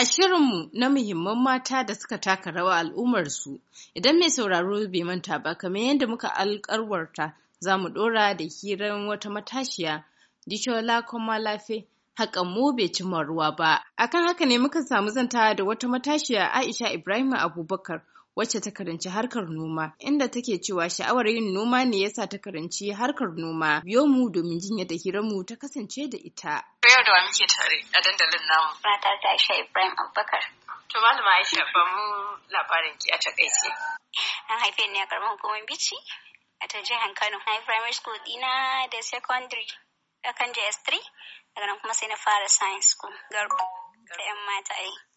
A shirinmu na muhimman mata da suka taka rawa al'ummarsu, idan mai sauraro bai manta ba kamar yadda muka alkarwarta za mu ɗora da hirar wata matashiya, Dishola Komalafe, hakan mu bai ci ruwa ba. Akan haka ne muka samu zantawa da wata matashiya Aisha Ibrahim Abubakar, wacce ta karanci harkar noma inda take cewa sha'awar yin noma ne yasa ta karanci harkar noma biyo mu domin jin yadda hiranmu ta kasance da ita. Yau da wa muke tare a dandalin namu. Mata ta Aisha Ibrahim Abubakar. To malama Aisha ba mu labarin ki a takaice. An haife ni a karamar hukumar Bichi a ta jihar Kano. Na yi primary school dina da secondary akan JS3 daga nan kuma sai na fara science school Garba ta 'yan mata yi.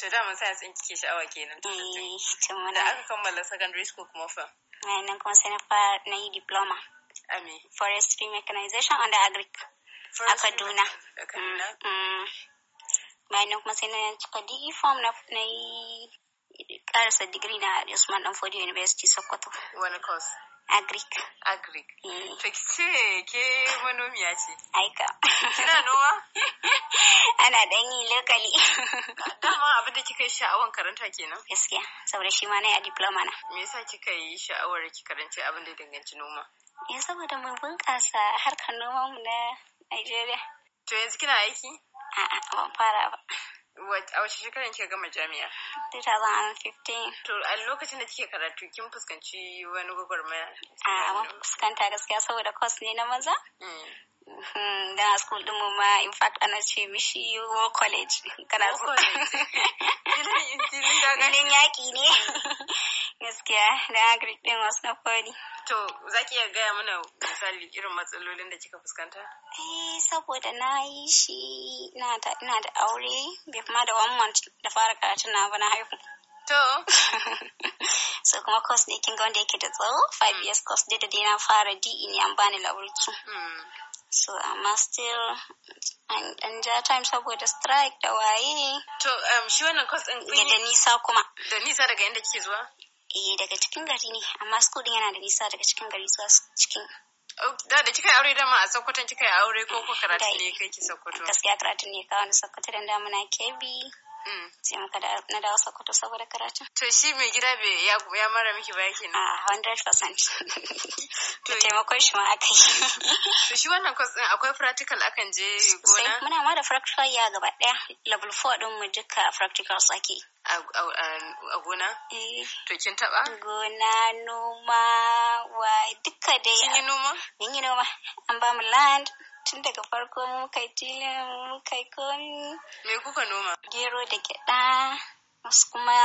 To daman science tsinki ke sha'awa kenan. Eh, da aka kammala secondary school kuma fa. Eh, nan kuma sai na yi diploma. Ame. Forestry mechanization and agric. A Kaduna. A Kaduna. Mm, mm. Bayan kuma sai na cika digi e form na yi karasa digiri na Usman Danfodiyo University Sokoto. Wani course? Agric. Agric. Mm. To ki ce ke manomiya ce. Aika. Kina noma? Ana ɗan yi lokali. Dama abin da kika yi sha'awar karanta kenan? Gaskiya, saboda shi ma na yi a diploma na. Me yasa kika yi sha'awar ki karanci abin da danganci noma? Ya eh, saboda mu bunƙasa harkar noman mu na Najeriya. To yanzu kina aiki? A'a, ban fara ba. a wace shekarar kika gama jami'a? 2015. To a lokacin da kike karatu kin fuskanci wani gwagwarmaya? A fuskanta gaskiya saboda kwas ne na maza. Mm. Hmm, da school din mu ma in fact ana ce mishi war college kana so filin yaƙi ne gaskiya da agric din wasu na fari to za ki iya gaya mana misali irin matsalolin da kika fuskanta eh saboda na yi shi ina da aure bai kuma da one month da fara karatun na ba na haihu to so kuma course ne kin ga wanda yake da tsawo five hmm. years course dai da dai na fara DE ne an bani laburtu hmm. so amma still an dan ja time saboda strike da waye to um, shi wannan course din da nisa kuma da nisa daga inda kike zuwa eh daga cikin gari ne amma school din yana da nisa daga cikin gari zuwa cikin oh, da da kika aure dama a Sokoto kika aure ko ko karatu ne kai ki Sokoto gaskiya karatu ne ka wani Sokoto dan da muna Kebbi Mm. sai muka na dawo sokoto saboda karatu. to shi mai gida bai ya ya mara miki baya kenan a ah, 100% to taimakon shi ma aka yi to shi wannan course din akwai practical akan je gona Sai muna ma da practical ya gaba daya level 4 din mu duka practicals ake a gona? Eh. To kin taba? Gona, noma, wa duka dai. Kin yi noma? Kin yi noma. An ba mu land. tun daga farko muka yi tilin muka yi komi me kuka noma gero da gyada wasu kuma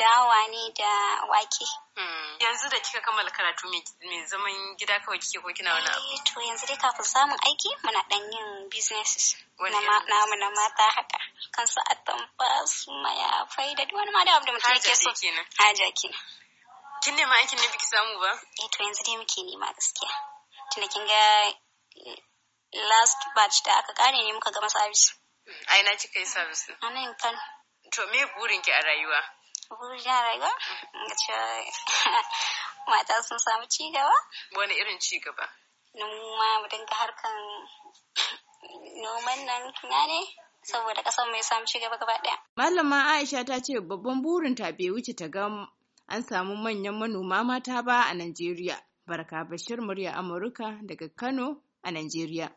dawa ne da wake hmm. yanzu da kika kammala karatu mai zaman gida kawai kike ko kina wani abu eh, to yanzu dai kafin samun aiki muna ɗan yin businesses na mu na mata haka kan su atamfa su mayafai faida duk wani ma da abu da mutum yake so haja kenan kin nema aikin ne biki samu ba eh to yanzu dai muke nema gaskiya tunda kin ga last batch da aka kare ne muka gama service a ina kika yi service a nan kan to me burin ki a rayuwa burin a rayuwa mm. mata sun samu ci gaba wani irin ci gaba noma mu dinga harkan noman nan na ne saboda kasan mai samu ci gaba gaba ɗaya. malama aisha ta ce babban burin ta bai wuce ta ga an samu manyan manoma mata ba a Najeriya. Barka Bashir murya Amurka daga Kano a Najeriya.